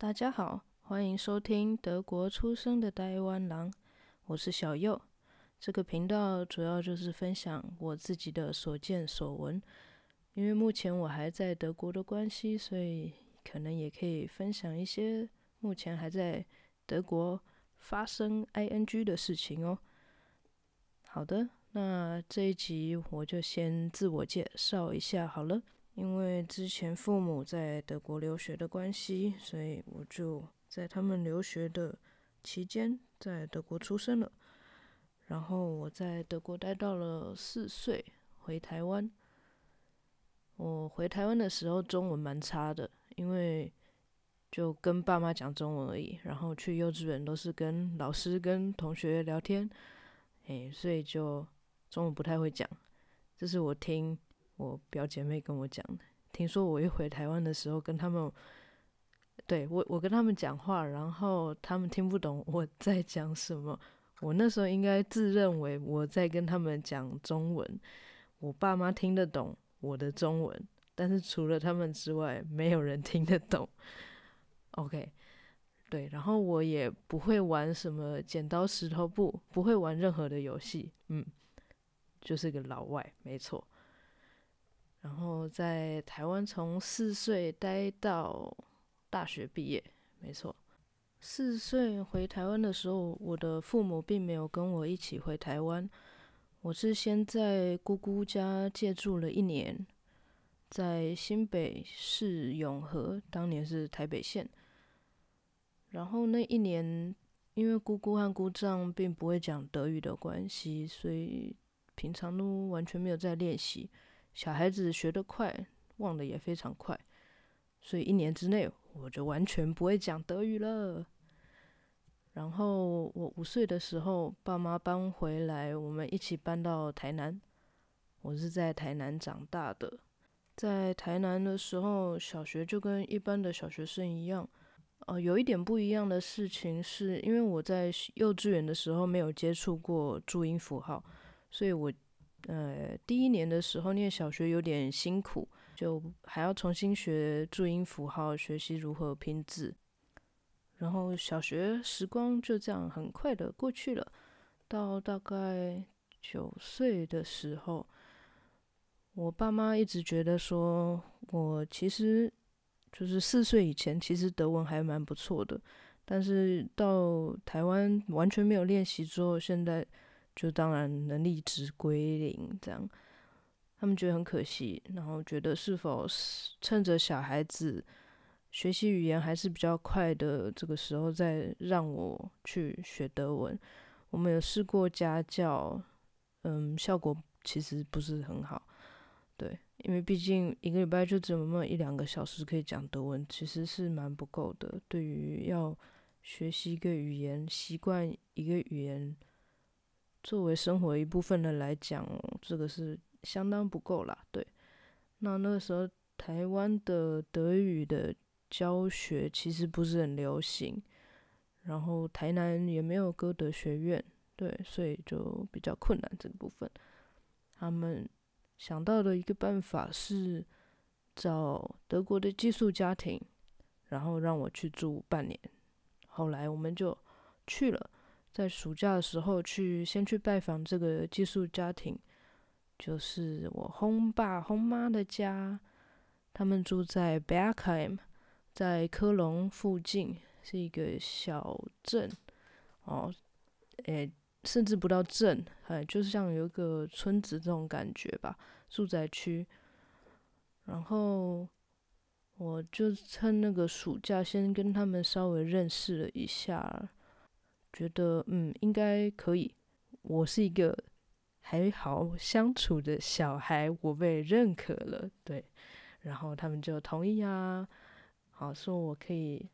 大家好，歡迎收聽德國出生的台灣郎，我是小佑。這個頻道主要就是分享我自己的所見所聞，因為目前我還在德國的關係，所以可能也可以分享一些目前還在德國發生 ING 的事情哦。好的，那這一集我就先自我介紹一下好了。因為之前父母在德國留學的關係，所以我就在他們留學的期間在德國出生了。然後我在德國待到了四歲，回台灣。我回台灣的時候，中文蠻差的，因為就跟爸媽講中文而已。然後去幼稚園都是跟老師跟同學聊天，誒、欸，所以就中文不太會講。這是我聽。我表姐妹跟我講的，聽說我一回台灣的時候，跟他們，對，我，我跟他們講話，然後他們聽不懂我在講什麼。我那時候應該自認為我在跟他們講中文，我爸媽聽得懂我的中文，但是除了他們之外，沒有人聽得懂。OK，對，然後我也不會玩什麼剪刀石頭布，不會玩任何的遊戲，嗯，就是個老外，沒錯。然後在台灣從四歲待到大學畢業，沒錯。四歲回台灣的時候，我的父母並沒有跟我一起回台灣，我是先在姑姑家借住了一年，在新北市永和，當年是台北縣。然後那一年，因為姑姑和姑丈並不會講德語的關係，所以平常都完全沒有在練習。小孩子學得快，忘得也非常快，所以一年之內我就完全不會講德語了。然後我五歲的時候，爸媽搬回來，我們一起搬到台南。我是在台南長大的，在台南的時候，小學就跟一般的小學生一樣。哦、呃，有一點不一樣的事情是，因為我在幼稚園的時候沒有接觸過注音符號，所以我。呃，第一年的時候念小學有點辛苦，就還要重新學注音符號，學習如何拼字。然後小學時光就這樣很快的過去了。到大概九歲的時候，我爸媽一直覺得說，我其實就是四歲以前其實德文還蠻不錯的，但是到台灣完全沒有練習之後，現在。就當然能力值歸零，這樣他們覺得很可惜，然後覺得是否趁着小孩子學習語言還是比較快的這個時候再讓我去學德文？我們有試過家教，嗯，效果其實不是很好。對，因為畢竟一個禮拜就只有那麼一兩個小時可以講德文，其實是蠻不夠的。對於要學習一個語言，習慣一個語言。作為生活一部分的來講，這個是相當不夠啦。對，那那個時候台灣的德語的教學其實不是很流行，然後台南也沒有歌德學院，對，所以就比較困難。這個部分，他們想到的一個辦法是找德國的寄宿家庭，然後讓我去住半年。後來我們就去了。在暑假的時候，去先去拜訪這個寄宿家庭，就是我轟爸轟媽的家。他們住在 Berkheim，在科隆附近，是一個小鎮。哦，誒、欸，甚至不到鎮，哎，就像有一個村子這種感覺吧，住宅區。然後，我就趁那個暑假，先跟他們稍微認識了一下。覺得嗯，應該可以。我是一個還好相處的小孩，我被認可了，對。然後他們就同意啊，好，說我可以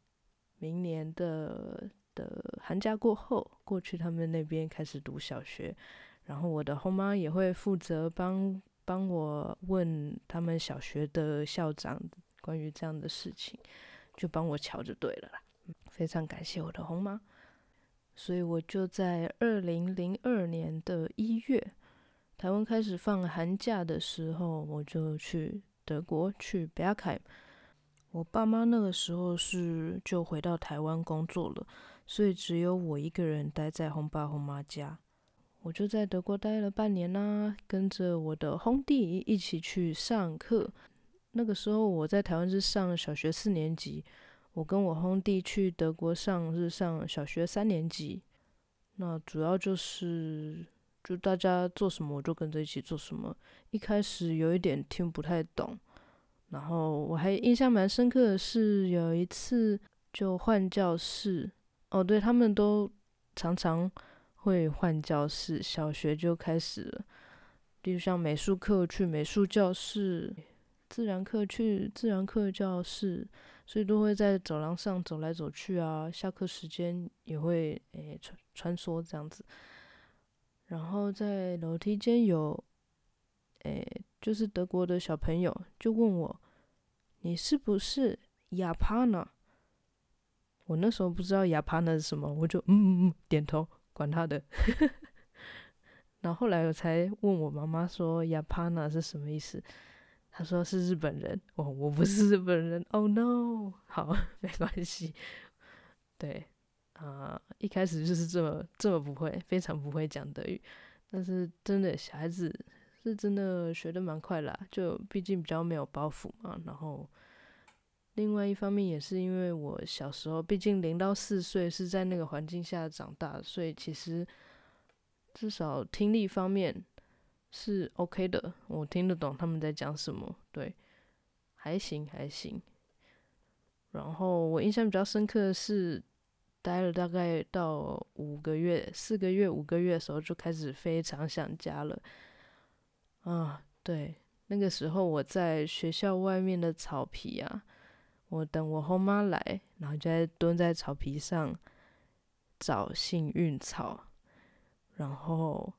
明年的的寒假過後過去他們那邊開始讀小學。然後我的後媽也會負責幫幫我問他們小學的校長關於這樣的事情，就幫我瞧着對了啦。嗯，非常感謝我的後媽。所以我就在二零零二年的一月，台灣開始放寒假的時候，我就去德國去北爾凱。我爸媽那個時候是就回到台灣工作了，所以只有我一個人待在紅爸紅媽家。我就在德國待了半年啦，啊，跟着我的紅弟一起去上課。那個時候我在台灣是上小學四年級。我跟我兄弟去德國上是上小學三年級，那主要就是就大家做什麼，我就跟着一起做什麼。一開始有一點聽不太懂，然後我還印象蠻深刻的是有一次就換教室，哦，對，他們都常常會換教室，小學就開始了，比如像美術課去美術教室，自然課去自然課教室。所以都會在走廊上走來走去啊，下課時間也會誒穿穿梭這樣子。然後在樓梯間有誒，就是德國的小朋友就問我：“你是不是雅帕娜？”我那時候不知道雅帕娜是什麼，我就嗯嗯嗯點頭，管他的。 然後後來我才問我媽媽說雅帕娜是什麼意思？他說是日本人，我，我不是日本人，Oh no，好，沒關係，對，啊，呃，一開始就是這麼這麼不會，非常不會講德語，但是真的小孩子是真的學的蠻快啦，就畢竟比較沒有包袱嘛，然後另外一方面也是因為我小時候，畢竟零到四歲是在那個環境下長大，所以其實至少聽力方面。是 OK 的，我聽得懂他們在講什麼。對，還行還行。然後我印象比較深刻的是，待了大概到五個月、四個月、五個月的時候，就開始非常想家了。啊，對，那個時候我在學校外面的草皮啊，我等我後媽來，然後就在蹲在草皮上找幸運草，然後。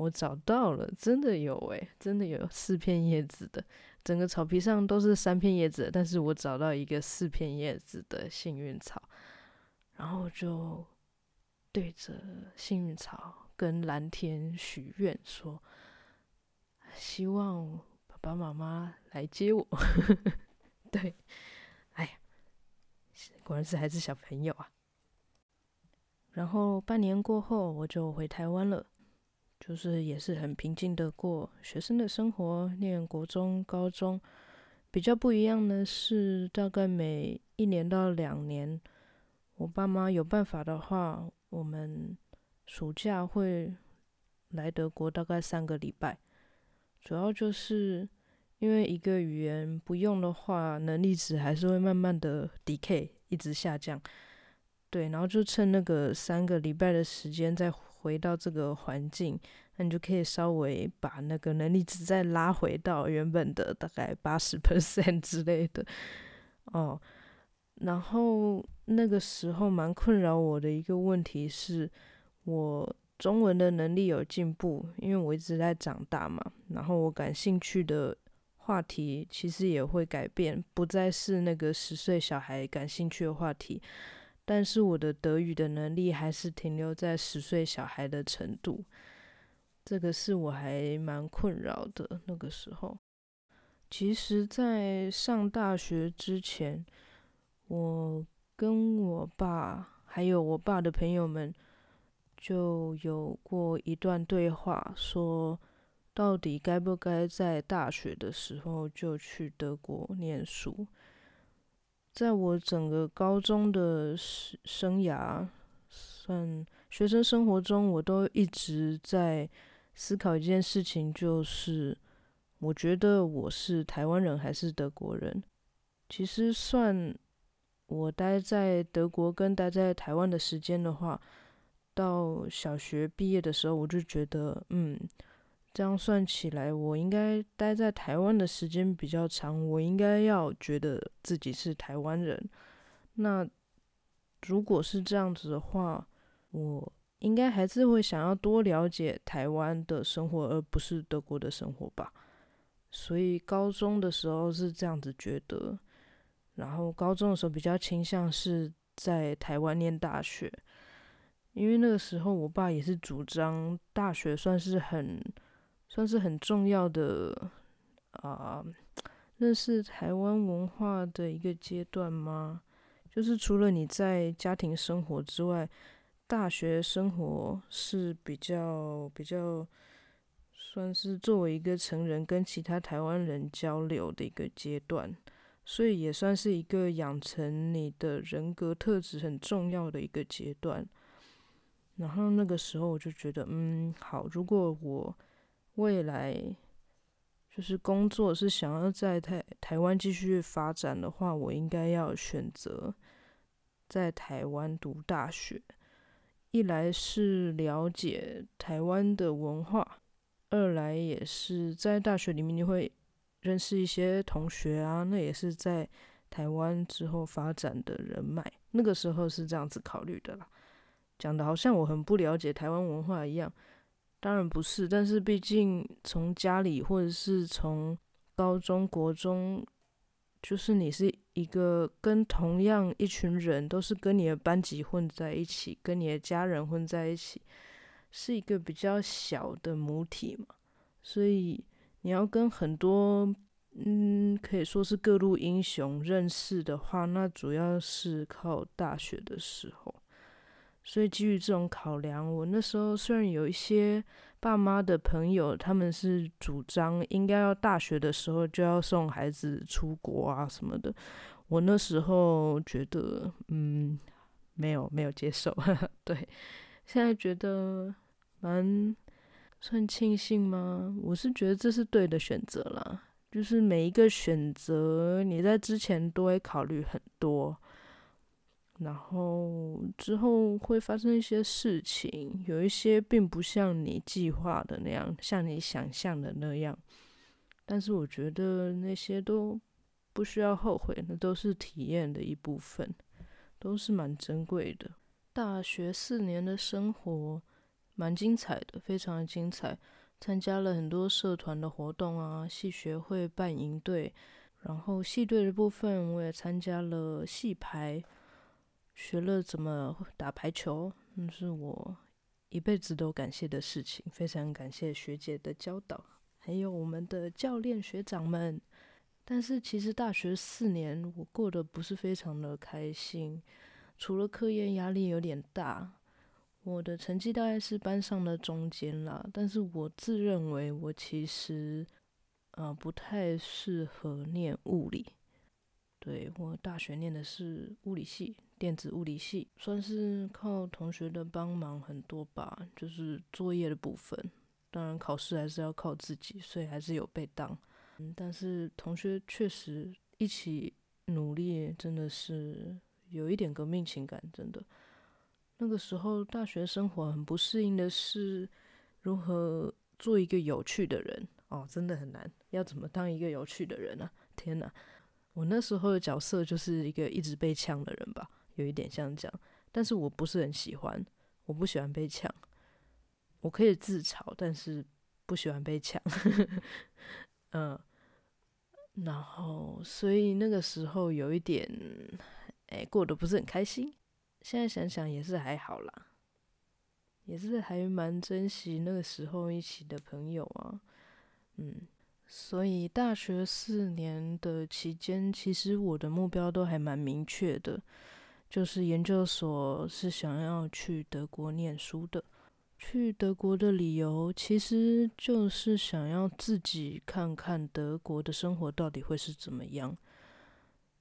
我找到了，真的有哎、欸，真的有四片葉子的。整個草皮上都是三片葉子，但是我找到一個四片葉子的幸運草。然後就對着幸運草跟藍天許願說，說希望爸爸媽媽來接我。 對，哎呀，果然是還是小朋友啊。然後半年過後，我就回台灣了。就是也是很平靜的過學生的生活，念國中、高中。比較不一樣呢，是大概每一年到兩年，我爸媽有辦法的話，我們暑假會來德國，大概三個禮拜。主要就是因為一個語言不用的話，能力值還是會慢慢的 decay，一直下降。對，然後就趁那個三個禮拜的時間，再。回到這個環境，那你就可以稍微把那個能力值，再拉回到原本的大概八十 percent 之類的哦。然後那個時候蠻困擾我的一個問題是我中文的能力有進步，因為我一直在長大嘛。然後我感興趣的話題其實也會改變，不再是那個十歲小孩感興趣的話題。但是我的德語的能力還是停留在十歲小孩的程度，這個是我還蠻困擾的。那個時候，其實，在上大學之前，我跟我爸還有我爸的朋友們就有過一段對話，說到底該不該在大學的時候就去德國念書。在我整個高中的生生涯，算學生生活中，我都一直在思考一件事情，就是我覺得我是台灣人還是德國人。其實算我待在德國跟待在台灣的時間的話，到小學畢業的時候，我就覺得嗯。這樣算起來，我應該待在台灣的時間比較長，我應該要覺得自己是台灣人。那如果是這樣子的話，我應該還是會想要多了解台灣的生活，而不是德國的生活吧？所以高中的時候是這樣子覺得，然後高中的時候比較傾向是在台灣唸大學，因為那個時候我爸也是主張大學算是很。算是很重要的啊，認識台灣文化的一個階段嗎？就是除了你在家庭生活之外，大學生活是比較比較，算是作為一個成人跟其他台灣人交流的一個階段，所以也算是一個養成你的人格特質很重要的一個階段。然後那個時候我就覺得，嗯，好，如果我。未來就是工作，是想要在台台灣繼續發展的話，我應該要選擇在台灣讀大學。一來是了解台灣的文化，二來也是在大學裡面你會認識一些同學啊，那也是在台灣之後發展的人脈。那個時候是這樣子考慮的啦，講的好像我很不了解台灣文化一樣。當然不是，但是畢竟從家裡或者是從高中、國中，就是你是一個跟同樣一群人，都是跟你的班級混在一起，跟你的家人混在一起，是一個比較小的母體嘛。所以你要跟很多，嗯，可以說是各路英雄認識的話，那主要是靠大學的時候。所以基於這種考量，我那時候雖然有一些爸媽的朋友，他們是主張應該要大學的時候就要送孩子出國啊什麼的，我那時候覺得，嗯，沒有沒有接受。 對，現在覺得蠻算慶幸嗎？我是覺得這是對的選擇啦，就是每一個選擇，你在之前都會考慮很多。然後之後會發生一些事情，有一些並不像你計劃的那樣，像你想象的那樣。但是我覺得那些都不需要後悔，那都是體驗的一部分，都是蠻珍貴的。大學四年的生活蠻精彩的，非常的精彩。參加了很多社團的活動啊，系學會、辦營隊，然後系隊的部分我也參加了系排。學了怎麼打排球，那是我一輩子都感謝的事情。非常感謝學姐的教導，還有我們的教練學長們。但是其實大學四年我過得不是非常的開心，除了課業壓力有點大，我的成績大概是班上的中間啦。但是我自認為我其實，呃，不太適合念物理。對，我大學念的是物理系。電子物理系算是靠同學的幫忙很多吧，就是作業的部分。當然考試還是要靠自己，所以還是有被當。嗯，但是同學確實一起努力，真的是有一點革命情感。真的，那個時候大學生活很不適應的是如何做一個有趣的人哦，真的很難。要怎麼當一個有趣的人呢、啊？天哪，我那時候的角色就是一個一直被嗆的人吧。有一點像這樣，但是我不是很喜歡。我不喜歡被搶，我可以自嘲，但是不喜歡被搶。嗯、 呃，然後所以那個時候有一點，哎、欸，過得不是很開心。現在想想也是還好啦，也是還蠻珍惜那個時候一起的朋友啊。嗯，所以大學四年的期間，其實我的目標都還蠻明確的。就是研究所是想要去德國念書的，去德國的理由其實就是想要自己看看德國的生活到底會是怎麼樣，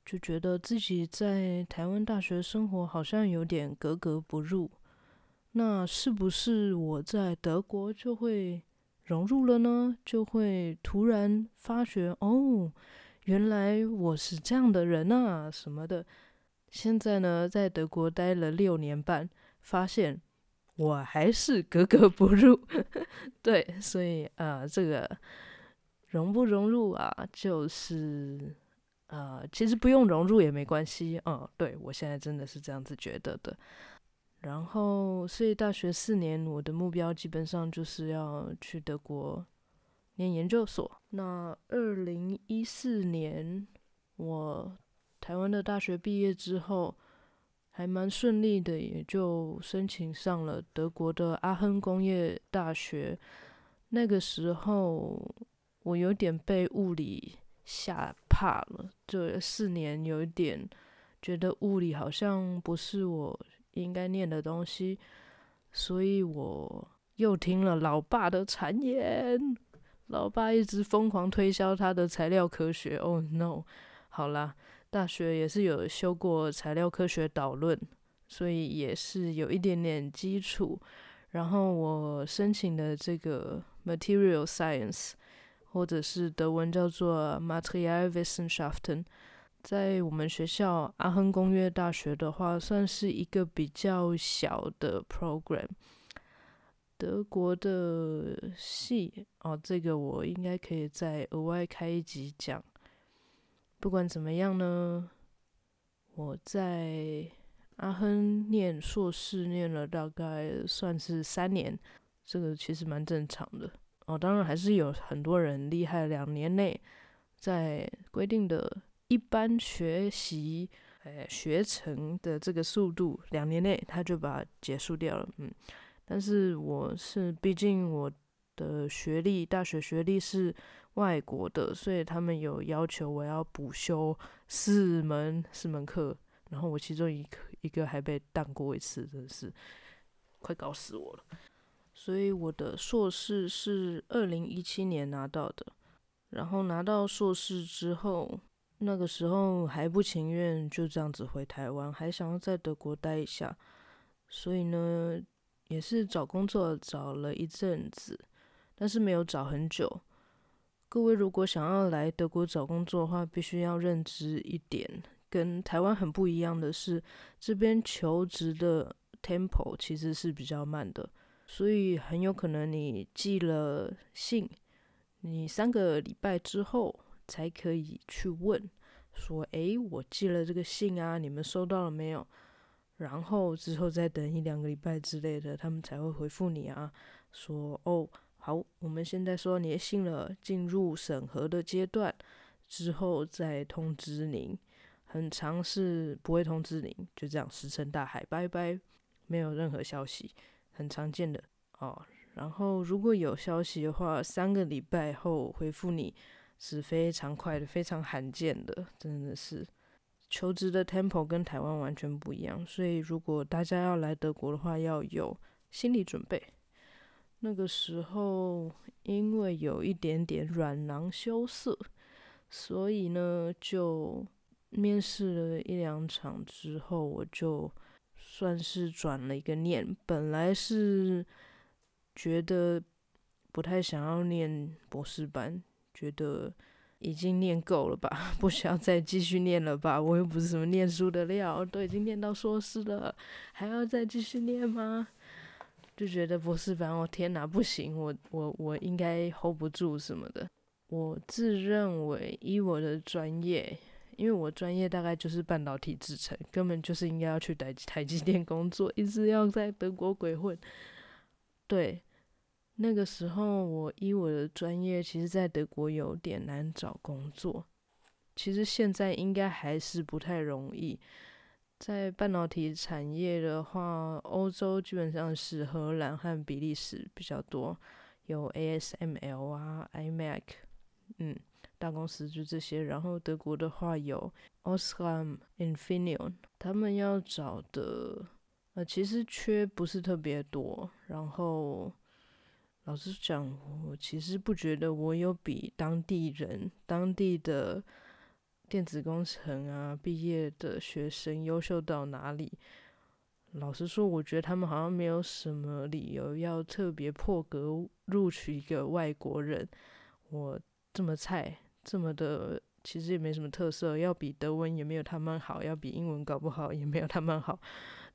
就覺得自己在台灣大學生活好像有點格格不入，那是不是我在德國就會融入了呢？就會突然發覺哦，原來我是這樣的人啊什麼的。現在呢，在德國待了六年半，發現我還是格格不入。 對，所以啊、呃，這個融不融入啊，就是啊、呃，其實不用融入也沒關係。嗯，對，我現在真的是這樣子覺得的。然後，所以大學四年，我的目標基本上就是要去德國念研究所。那二零一四年，我。台灣的大學畢業之後，還蠻順利的，也就申請上了德國的阿亨工業大學。那個時候，我有點被物理嚇怕了，就四年有一點覺得物理好像不是我應該念的東西，所以我又聽了老爸的讒言。老爸一直瘋狂推銷他的材料科學。Oh no！好啦。大學也是有修過材料科學導論，所以也是有一點點基礎。然後我申請的這個 Material Science，或者是德文叫做 Materialwissenschaften，在我們學校阿亨工業大學的話，算是一個比較小的 program。德國的系哦，這個我應該可以再額外開一集講。不管怎麼樣呢，我在阿亨念碩士，念了大概算是三年，這個其實蠻正常的。哦，當然還是有很多人厲害，兩年內在規定的一般學習，誒、欸、學程的這個速度，兩年內他就把他結束掉了。嗯，但是我是，畢竟我的學歷，大學學歷是。外國的，所以他們有要求我要補修四門四門課，然後我其中一個一個還被當過一次，真的是快搞死我了。所以我的碩士是二零一七年拿到的，然後拿到碩士之後，那個時候還不情願就這樣子回台灣，還想要在德國待一下。所以呢，也是找工作找了一陣子，但是沒有找很久。各位如果想要來德國找工作的話，必須要認知一點，跟台灣很不一樣的是，這邊求職的 tempo 其實是比較慢的，所以很有可能你寄了信，你三個禮拜之後才可以去問，說，誒，我寄了這個信啊，你們收到了沒有？然後之後再等一兩個禮拜之類的，他們才會回復你啊，說，哦。好，我們現在說你信了，進入審核的階段，之後再通知您。很常是不會通知您，就這樣石沉大海，拜拜，沒有任何消息，很常見的哦。然後如果有消息的話，三個禮拜後回復你是非常快的，非常罕見的，真的是。求職的 tempo 跟台灣完全不一樣，所以如果大家要來德國的話，要有心理準備。那個時候，因為有一點點阮囊羞澀，所以呢，就面試了一兩場之後，我就算是轉了一個念。本來是覺得不太想要念博士班，覺得已經念夠了吧，不需要再繼續念了吧。我又不是什麼念書的料，都已經念到碩士了，還要再繼續念嗎？就覺得不是，反正我天哪，不行，我我我應該 hold 不住什麼的。我自認為以我的專業，因為我專業大概就是半導體製程，根本就是應該要去台台積電工作，一直要在德國鬼混。對，那個時候我以我的專業，其實，在德國有點難找工作，其實現在應該還是不太容易。在半導體產業的話，歐洲基本上是荷蘭和比利時比較多，有 ASML 啊 i m a c 嗯，大公司就這些。然後德國的話有 OSRAM、Infineon，他們要找的，呃，其實缺不是特別多。然後老實講，我其實不覺得我有比當地人當地的。電子工程啊，畢業的學生優秀到哪裡？老實說，我覺得他們好像沒有什麼理由要特別破格錄取一個外國人。我這麼菜，這麼的，其實也沒什麼特色。要比德文也沒有他們好，要比英文搞不好也沒有他們好。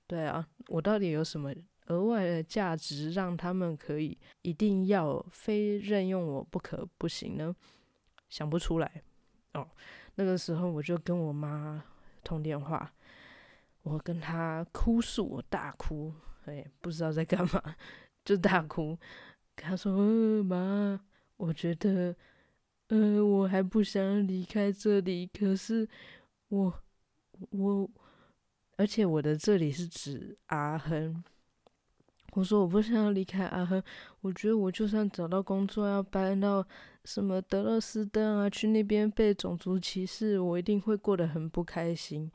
對啊，我到底有什麼額外的價值，讓他們可以一定要非任用我不可不行呢？想不出來哦。那個時候，我就跟我媽通電話，我跟她哭訴，我大哭，哎、欸，不知道在幹嘛，就大哭，跟她說：“媽、嗯，我覺得，呃、嗯，我還不想離開這裡，可是我，我，而且我的這裡是指阿亨。”我說：“我不想要離開阿亨，我覺得我就算找到工作，要搬到。”什麼德勒斯登啊，去那邊被種族歧視，我一定會過得很不開心。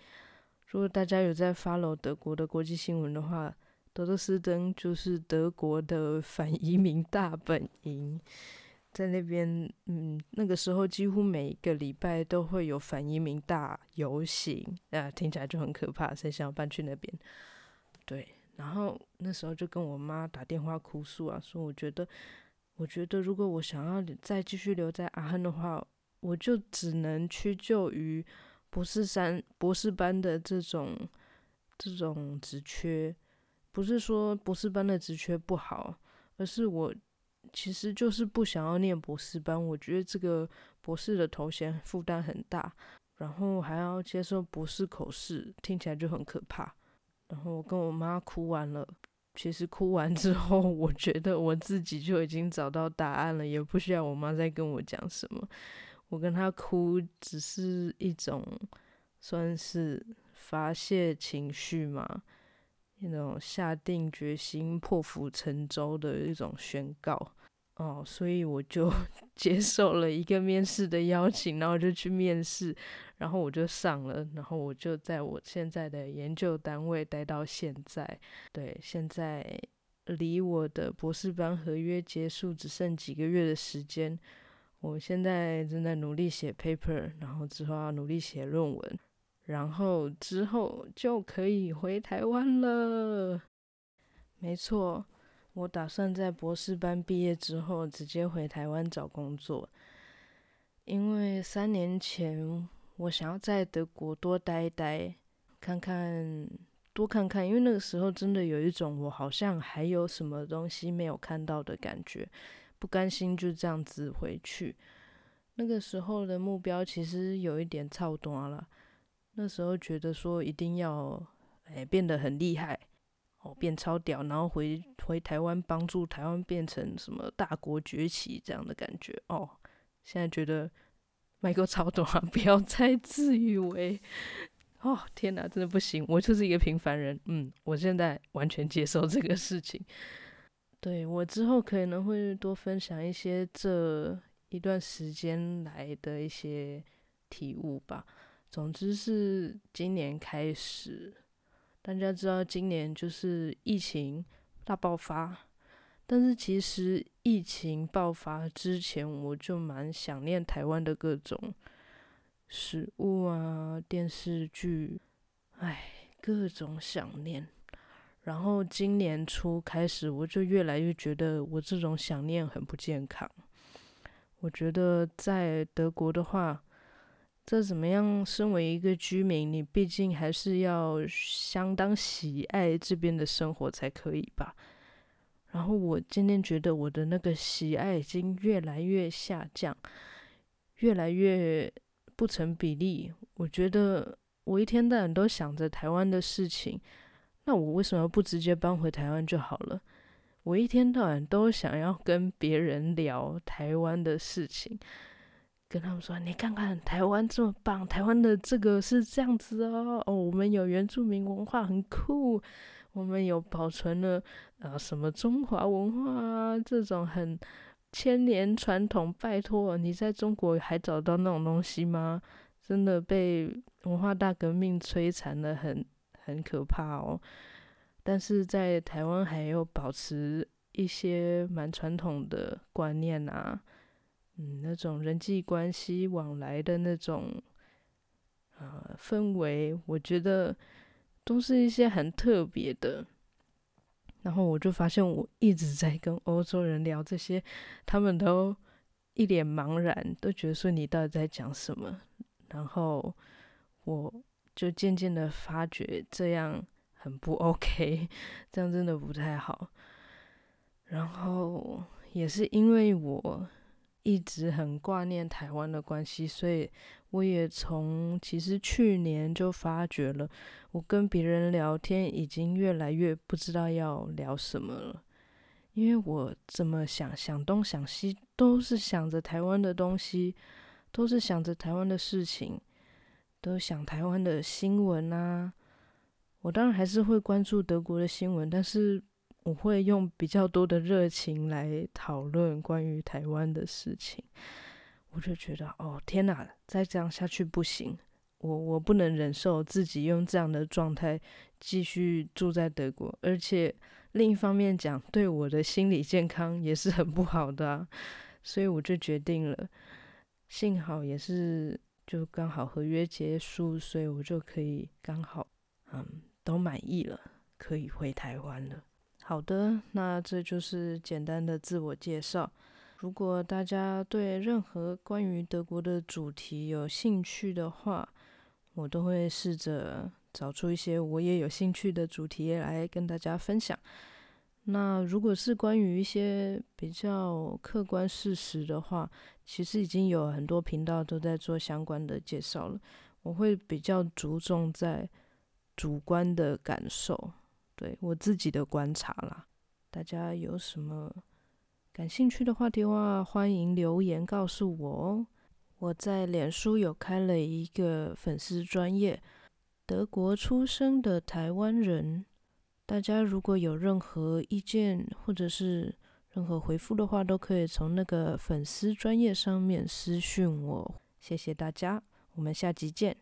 如果大家有在 follow 德國的國際新聞的話，德勒斯登就是德國的反移民大本營，在那邊，嗯，那個時候幾乎每一個禮拜都會有反移民大遊行，啊，聽起來就很可怕，所以想要搬去那邊。對，然後那時候就跟我媽打電話哭訴啊，說我覺得。我覺得，如果我想要再繼續留在阿亨的話，我就只能屈就於博士三博士班的這種這種職缺。不是說博士班的職缺不好，而是我其實就是不想要念博士班。我覺得這個博士的頭銜負擔很大，然後還要接受博士口試，聽起來就很可怕。然後我跟我媽哭完了。其實哭完之後，我覺得我自己就已經找到答案了，也不需要我媽再跟我講什麼。我跟她哭只是一種算是發洩情緒嘛，那種下定決心破釜沉舟的一種宣告。哦，所以我就接受了一個面試的邀請，然後就去面試。然後我就上了，然後我就在我現在的研究單位待到現在。對，現在離我的博士班合約結束只剩幾個月的時間。我現在正在努力寫 paper，然後之後要努力寫論文，然後之後就可以回台灣了。沒錯，我打算在博士班畢業之後直接回台灣找工作，因為三年前。我想要在德國多待一待，看看，多看看，因為那個時候真的有一種我好像還有什麼東西沒有看到的感覺，不甘心就這樣子回去。那個時候的目標其實有一點操蛋了，那時候覺得說一定要，欸、變得很厲害，哦，變超屌，然後回回台灣幫助台灣變成什麼大國崛起這樣的感覺哦，現在覺得。麥克超多啊！不要再自以為，哦天哪，真的不行！我就是一個平凡人。嗯，我現在完全接受這個事情。 對，我之後可能會多分享一些這一段時間來的一些體悟吧。總之是今年開始，大家知道，今年就是疫情大爆發。但是其實疫情爆發之前，我就蠻想念台灣的各種食物啊、電視劇，哎，各種想念。然後今年初開始，我就越來越覺得我這種想念很不健康。我覺得在德國的話，再怎麼樣，身為一個居民，你畢竟還是要相當喜愛這邊的生活才可以吧。然後我今天覺得我的那個喜愛已經越來越下降，越來越不成比例。我覺得我一天到晚都想着台灣的事情，那我為什麼不直接搬回台灣就好了？我一天到晚都想要跟別人聊台灣的事情，跟他們說：“你看看台灣這麼棒，台灣的這個是這樣子哦，哦，我們有原住民文化，很酷。”我們有保存了，啊，什麼中華文化啊？這種很千年傳統，拜托你在中國還找到那種東西嗎？真的被文化大革命摧殘的很很可怕哦。但是在台灣還有保持一些蠻傳統的觀念吶、啊，嗯，那種人際關係往來的那種，呃、啊，氛圍，我覺得。都是一些很特別的，然後我就發現我一直在跟歐洲人聊這些，他們都一臉茫然，都覺得說你到底在講什麼？然後我就漸漸的發覺這樣很不 OK，這樣真的不太好。然後也是因為我一直很掛念台灣的關係，所以。我也從其實去年就發覺了，我跟別人聊天已經越來越不知道要聊什麼了，因為我怎麼想，想東想西，都是想着台灣的東西，都是想着台灣的事情，都想台灣的新聞啊。我當然還是會關注德國的新聞，但是我會用比較多的熱情來討論關於台灣的事情。我就覺得，哦天哪，再這樣下去不行，我我不能忍受自己用這樣的狀態繼續住在德國，而且另一方面講，對我的心理健康也是很不好的啊，所以我就決定了。幸好也是就剛好合約結束，所以我就可以剛好，嗯，都滿意了，可以回台灣了。好的，那這就是簡單的自我介紹。如果大家對任何關於德國的主題有興趣的話，我都會試着找出一些我也有興趣的主題來跟大家分享。那如果是關於一些比較客觀事實的話，其實已經有很多頻道都在做相關的介紹了。我會比較著重在主觀的感受，對我自己的觀察啦。大家有什麼感興趣的話題的話，歡迎留言告訴我哦。我在臉書有開了一個粉絲專頁，德國出生的台灣人。大家如果有任何意見或者是任何回復的話，都可以從那個粉絲專頁上面私訊我。謝謝大家，我們下集見。